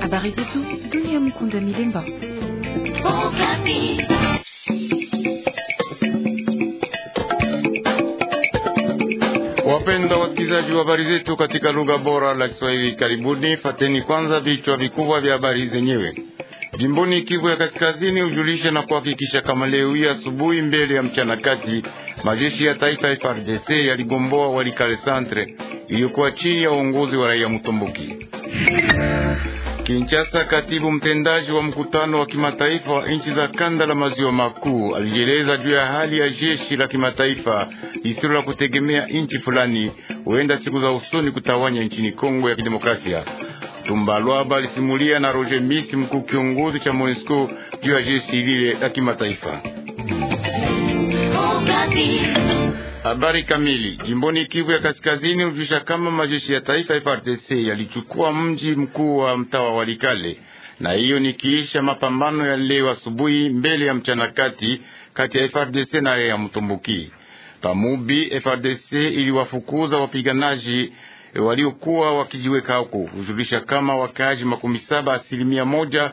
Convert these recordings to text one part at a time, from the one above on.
Habari zetu dunia, Mkunda Milemba. Wapenda wasikilizaji wa habari zetu katika lugha bora la Kiswahili, karibuni. Fateni kwanza vichwa vikubwa vya habari zenyewe. Jimboni Kivu ya Kaskazini hujulisha na kuhakikisha kama leo hii asubuhi mbele ya mchana kati majeshi ya taifa FARDC yaligomboa Walikale Centre iliyokuwa chini ya uongozi wa Raia Mutomboki. Kinshasa, katibu mtendaji wa mkutano wa kimataifa wa nchi za kanda la maziwa makuu alijieleza juu ya hali ya jeshi la kimataifa lisilo la kutegemea nchi fulani, huenda siku za usoni kutawanya nchini Kongo ya Kidemokrasia. Tumbalwaba alisimulia na Roger Misi, mkuu kiongozi cha MONUSCO juu ya jeshi lile la kimataifa. Oh, Habari kamili jimboni Kivu ya Kaskazini hujulisha kama majeshi ya taifa frdc yalichukua mji mkuu wa mtawa Walikale, na hiyo ni kiisha mapambano ya leo asubuhi mbele ya mchana kati kati ya frdc na ya Mtomboki pamubi. frdc iliwafukuza wapiganaji waliokuwa wakijiweka huko, hujulisha kama wakaaji makumi saba asilimia moja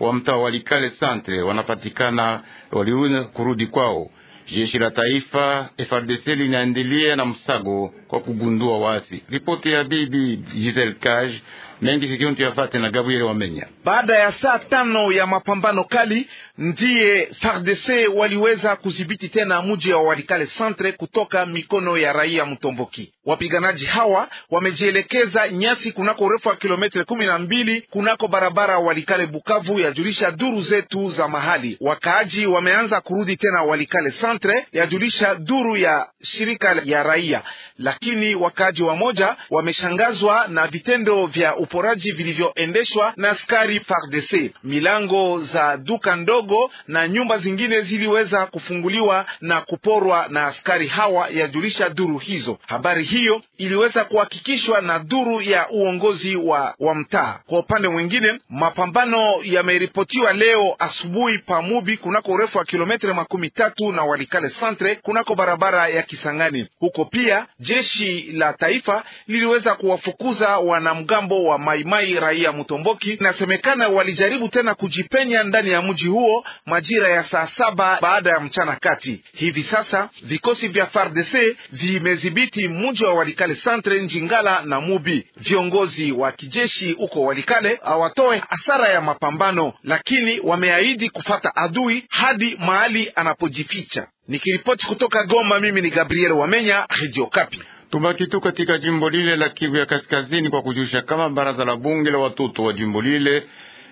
wa mtawa Walikale centre wanapatikana walirudi kurudi kwao Jeshi la taifa frdc linaendelea na msago kwa kugundua wasi. Ripoti ya bibi Giselle Cage mengi sikio tuyafate na Gabriel Wamenya. Baada ya saa tano ya mapambano kali, ndiye FARDC waliweza kudhibiti tena mji wa Walikale centre kutoka mikono ya raia Mtomboki. Wapiganaji hawa wamejielekeza nyasi kunako urefu wa kilometre kumi na mbili kunako barabara Walikale Bukavu, yajulisha duru zetu za mahali. Wakaaji wameanza kurudi tena Walikale centre, yajulisha duru ya shirika ya raia, lakini wakaaji wamoja wameshangazwa na vitendo vya uporaji vilivyoendeshwa na askari FARDC. Milango za duka ndogo na nyumba zingine ziliweza kufunguliwa na kuporwa na askari hawa, yajulisha duru hizo. Habari hiyo iliweza kuhakikishwa na duru ya uongozi wa, wa mtaa. Kwa upande mwingine, mapambano yameripotiwa leo asubuhi pamubi kunako urefu wa kilometre makumi tatu na Walikale centre kunako barabara ya Kisangani. Huko pia jeshi la taifa liliweza kuwafukuza wanamgambo wa Maimai raia Mutomboki. Inasemekana walijaribu tena kujipenya ndani ya mji huo majira ya saa saba baada ya mchana kati. Hivi sasa vikosi vya FARDC vimedhibiti mji wa Walikale Centre, Njingala na Mubi. Viongozi wa kijeshi huko Walikale hawatoe hasara ya mapambano, lakini wameahidi kufata adui hadi mahali anapojificha. Nikiripoti kutoka Goma, mimi ni Gabriel Wamenya, Radio Okapi. Tubaki tu katika jimbo lile la Kivu ya Kaskazini kwa kujusha kama baraza la bunge la watoto wa jimbo lile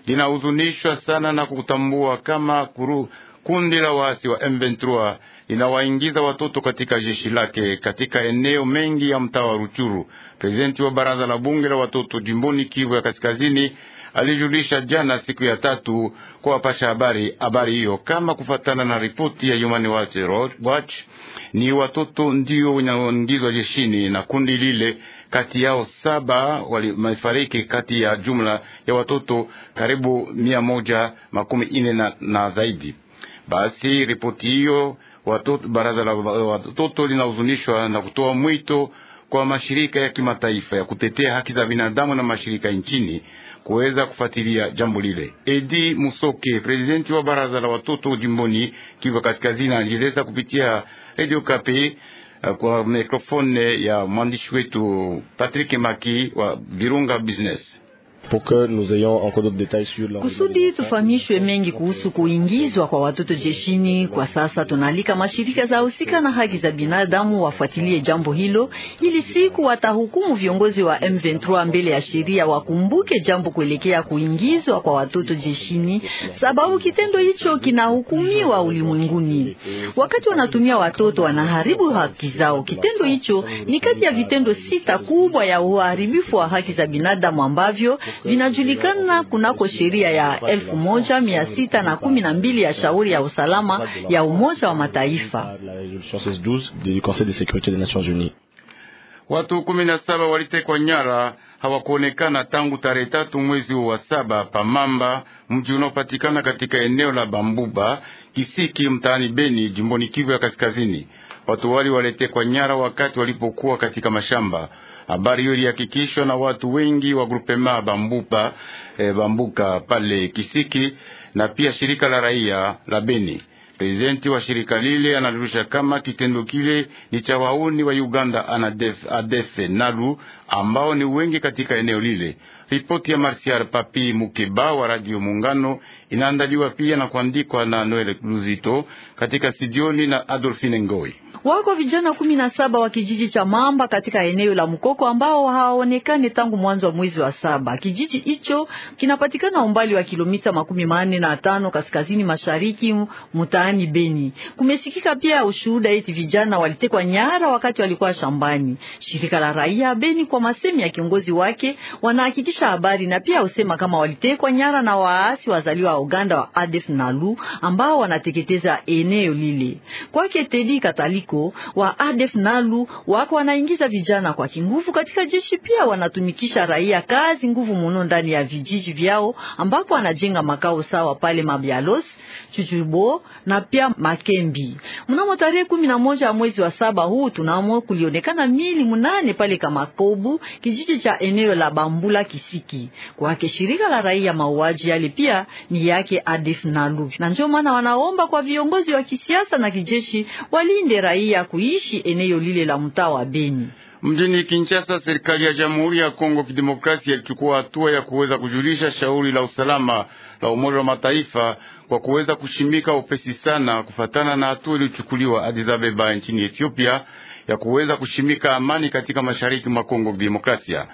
linahuzunishwa sana na kutambua kama kuru kundi la waasi wa M23 linawaingiza watoto katika jeshi lake katika eneo mengi ya mtaa wa Ruchuru. presidenti wa baraza la bunge la watoto jimboni Kivu ya Kaskazini alijulisha jana siku ya tatu kwa wapasha habari habari hiyo. Kama kufatana na ripoti ya Human Rights Watch, ni watoto ndio wanaongizwa jeshini na kundi lile, kati yao saba walifariki kati ya jumla ya watoto karibu mia moja makumi ine na, na zaidi. Basi ripoti hiyo watoto, baraza la watoto linahuzunishwa na kutoa mwito kwa mashirika ya kimataifa ya kutetea haki za binadamu na mashirika nchini kuweza kufuatilia jambo lile. Edi Musoke, presidenti wa baraza la watoto jimboni Kivu Kaskazini, anajieleza kupitia Radio Kapi eh, kwa mikrofone ya mwandishi wetu Patrick Maki wa Virunga Business kusudi tufahamishwe mengi kuhusu kuingizwa kwa watoto jeshini. Kwa sasa tunaalika mashirika za husika na haki za binadamu wafuatilie jambo hilo, ili siku watahukumu viongozi wa M23 mbele ya sheria wakumbuke jambo kuelekea kuingizwa kwa watoto jeshini, sababu kitendo hicho kinahukumiwa ulimwenguni. Wakati wanatumia watoto wanaharibu haki zao. Kitendo hicho ni kati ya vitendo sita kubwa ya uharibifu wa haki za binadamu ambavyo linajulikana kunako sheria ya elfu moja mia sita na kumi na mbili ya shauri ya usalama ya Umoja wa Mataifa. Watu kumi na saba walitekwa nyara hawakuonekana tangu tarehe tatu mwezi wa saba Pamamba, mji unaopatikana katika eneo la Bambuba Kisiki, mtaani Beni, jimboni Kivu ya Kaskazini. Watu wali walitekwa nyara wakati walipokuwa katika mashamba. Habari hiyo ilihakikishwa na watu wengi wa grupema Bambupa, e, Bambuka pale Kisiki na pia shirika la raia la Beni. Prezidenti wa shirika lile anajulisha kama kitendo kile ni cha wauni wa Uganda anadef, adefe nalu ambao ni wengi katika eneo lile. Ripoti ya Marsial Papi Mukeba wa Radio Muungano inaandaliwa pia na kuandikwa na Noel Luzito katika studioni na Adolfine Ngoi. Wako vijana kumi na saba wa kijiji cha Mamba katika eneo la mkoko ambao hawaonekane tangu mwanzo wa mwezi wa saba. Kijiji hicho kinapatikana umbali wa kilomita makumi manne na tano kaskazini mashariki mtaani Beni. Kumesikika pia ushuhuda eti vijana walitekwa nyara wakati walikuwa shambani. Shirika la raia Beni kwa masemi ya kiongozi wake wanahakikisha habari na pia usema kama walitekwa nyara na waasi wazaliwa wa Uganda wa ADF Nalu ambao wanateketeza eneo lile. Kwake Tedi Katali MONUSCO wa ADF Nalu wako wanaingiza vijana kwa kinguvu katika jeshi, pia wanatumikisha raia kazi nguvu muno ndani ya vijiji vyao ambapo wanajenga makao sawa pale Mabialos, Chuchubo na pia Makembi. Mnamo tarehe kumi na moja ya mwezi wa saba huu tunamo kulionekana mili munane pale Kamakobu, kijiji cha eneo la Bambula Kisiki, kwake shirika la raia mauaji yali pia ni yake ADF Nalu, na ndio maana wanaomba kwa viongozi wa kisiasa na kijeshi walinde raia raia kuishi eneo lile la mtaa wa Beni. Mjini Kinshasa, serikali ya Jamhuri ya Kongo Kidemokrasia ilichukua hatua ya kuweza kujulisha shauri la usalama la Umoja wa Mataifa kwa kuweza kushimika upesi sana, kufatana na hatua iliyochukuliwa Addis Ababa nchini Ethiopia ya kuweza kushimika amani katika mashariki mwa Kongo Kidemokrasia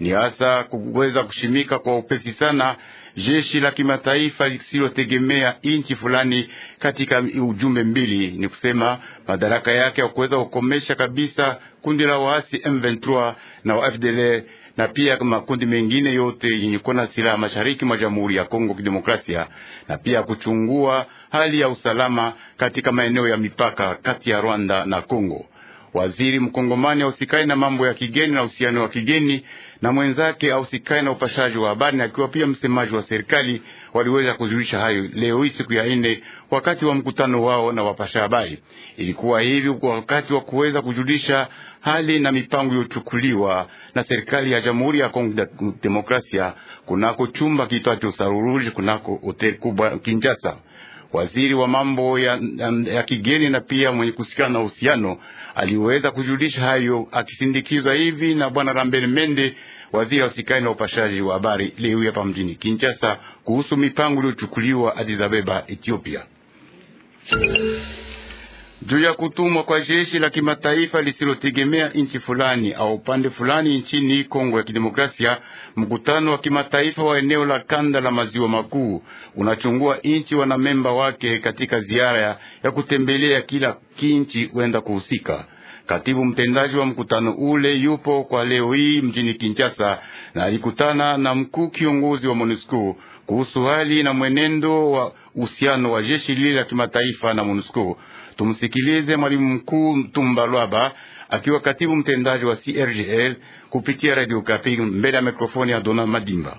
ni hasa kuweza kushimika kwa upesi sana jeshi la kimataifa lisilotegemea nchi fulani katika ujumbe mbili, ni kusema madaraka yake ya kuweza kukomesha kabisa kundi la waasi M23 na wa FDLR na pia makundi mengine yote yenye na silaha mashariki mwa Jamhuri ya Kongo Kidemokrasia, na pia kuchungua hali ya usalama katika maeneo ya mipaka kati ya Rwanda na Kongo waziri mkongomani ausikani na mambo ya kigeni na uhusiano wa kigeni na mwenzake ausikani na upashaji wa habari, akiwa pia msemaji wa serikali, waliweza kujulisha hayo leo hii siku ya nne wakati wa mkutano wao na wapasha habari. Ilikuwa hivi wakati wa kuweza kujulisha hali na mipango iliyochukuliwa na serikali ya Jamhuri ya Kongo Demokrasia kunako chumba kitwacho Saruruji kunako hoteli kubwa Kinshasa waziri wa mambo ya, ya, ya kigeni na pia mwenye kusikana na uhusiano aliweza kujulisha hayo akisindikizwa hivi na bwana Rambel Mende, waziri wa usikani na upashaji wa habari, leo hapa mjini Kinshasa kuhusu mipango iliyochukuliwa Addis Ababa, Ethiopia juu ya kutumwa kwa jeshi la kimataifa lisilotegemea nchi fulani au upande fulani nchini Kongo ya Kidemokrasia. Mkutano wa kimataifa wa eneo la kanda la maziwa makuu unachungua nchi wanamemba wake katika ziara ya kutembelea kila kinchi wenda kuhusika. Katibu mtendaji wa mkutano ule yupo kwa leo hii mjini Kinshasa na alikutana na mkuu kiongozi wa MONUSCO kuhusu hali na mwenendo wa uhusiano wa jeshi lile la kimataifa na MONUSCO. Tumsikilize mwalimu mkuu Tumba Lwaba akiwa katibu mtendaji wa CRGL kupitia Radio Kapi mbele ya mikrofoni ya Dona Madimba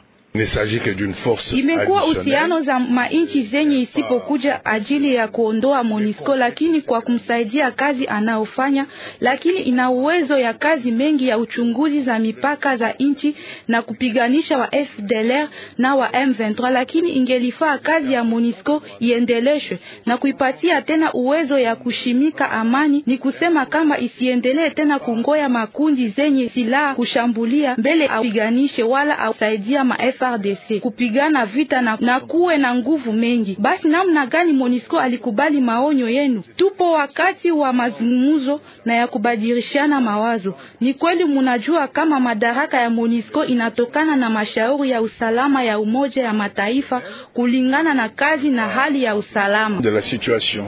imekuwa uhusiano za manchi zenye isipokuja ajili ya kuondoa Monisco, lakini kwa kumsaidia kazi anaofanya, lakini ina uwezo ya kazi mengi ya uchunguzi za mipaka za nchi na kupiganisha wa FDLR na wa M23, lakini ingelifaa kazi ya Monisco iendeleshwe na kuipatia tena uwezo ya kushimika amani. Ni kusema kama isiendelee tena kungoya makundi zenye silaha kushambulia mbele, apiganishe wala asaidia ma FARDC kupigana vita na, na kuwe na nguvu mengi. Basi namna gani Monisco alikubali maonyo yenu? Tupo wakati wa mazungumzo na ya kubadilishana mawazo. Ni kweli munajua kama madaraka ya Monisco inatokana na mashauri ya usalama ya Umoja ya Mataifa kulingana na kazi na hali ya usalama de la situation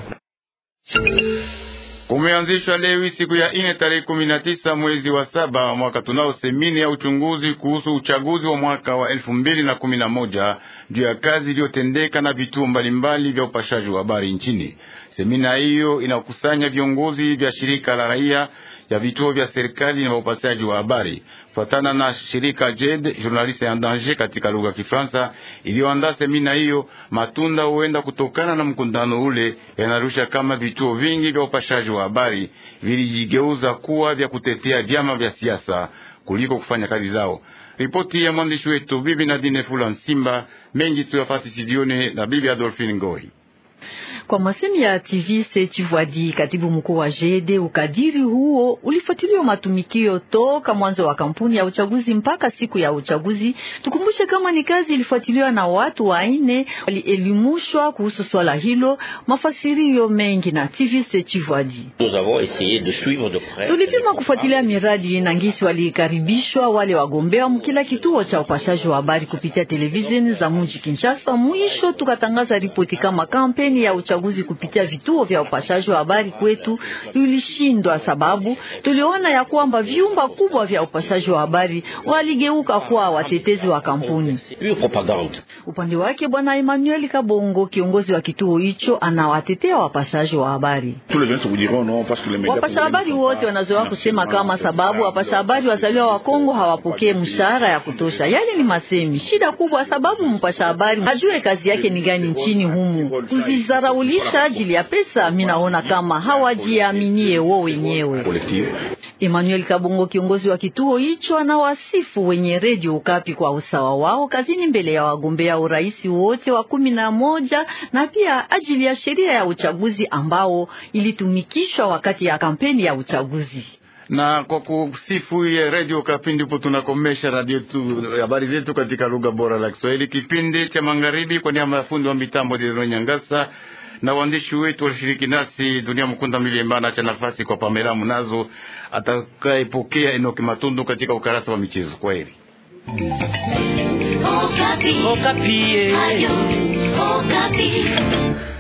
kumeanzishwa leo siku ya ine tarehe kumi na tisa mwezi wa saba mwaka tunao semini ya uchunguzi kuhusu uchaguzi wa mwaka wa elfu mbili na kumi na moja juu ya kazi iliyotendeka na vituo mbalimbali vya upashaji wa habari nchini. Semina hiyo inakusanya viongozi vya shirika la raia ya vituo vya serikali na upasaji wa habari fatana na shirika JED Journaliste en Danger katika lugha ya Kifaransa iliyoandaa semina hiyo. Matunda huenda kutokana na mkundano ule yanarusha kama vituo vingi vya upashaji wa habari vilijigeuza kuwa vya kutetea vyama vya siasa kuliko kufanya kazi zao. Ripoti ya mwandishi wetu bibi Nadine Fula Nsimba mengi tuyafasi sidione na bibi Adolfine Ngoi. Kwa masemi ya aktiviste Chivwadi, katibu mkuu wa JD, e ukadiri huo ulifuatiliwa matumikio toka mwanzo wa kampuni ya uchaguzi mpaka siku ya uchaguzi. Tukumbushe kama ni kazi ilifuatiliwa na watu wanne walielimushwa kuhusu swala hilo, mafasirio mengi na aktiviste Chivwadi. Tulipima kufuatilia miradi na ngisi walikaribishwa wale wagombea mkila kituo cha upashaji wa habari kupitia televisheni za mji Kinshasa. Mwisho tukatangaza ripoti kama kampeni ya uchaguzi uchaguzi kupitia vituo vya upashaji wa habari kwetu ulishindwa sababu tuliona ya kwamba vyumba kubwa vya upashaji wa habari waligeuka kuwa watetezi wa kampuni. Upande wake, bwana Emmanuel Kabongo, kiongozi wa kituo hicho, anawatetea wapashaji wa habari. Wapasha habari wote wanazoea kusema kama sababu wapasha habari wazaliwa wa Kongo hawapokee mshahara ya kutosha. Yale ni masemi, shida kubwa, sababu mpasha habari hajue kazi yake ni gani nchini humu. Tuzizarau kujitambulisha ajili ya pesa, minaona kama hawajiaminie wao wenyewe. Emmanuel Kabongo, kiongozi wa kituo hicho, anawasifu wenye redio Ukapi kwa usawa wao kazini mbele ya wagombea urais wote wa kumi na moja na pia ajili ya sheria ya uchaguzi ambao ilitumikishwa wakati ya kampeni ya uchaguzi na kwa kusifu ya Radio Kapi, ndipo tunakomesha radio tu habari zetu katika lugha bora la Kiswahili, kipindi cha magharibi. Kwa niaba ya fundi wa mitambo Nyangasa na waandishi wetu walishiriki nasi. Dunia Mkunda Milemba anaacha nafasi kwa Pamela Munazo atakayepokea Enoki Matundu katika ukarasa wa michezo. Kwaheri Okapi. Oh, Okapi. Oh,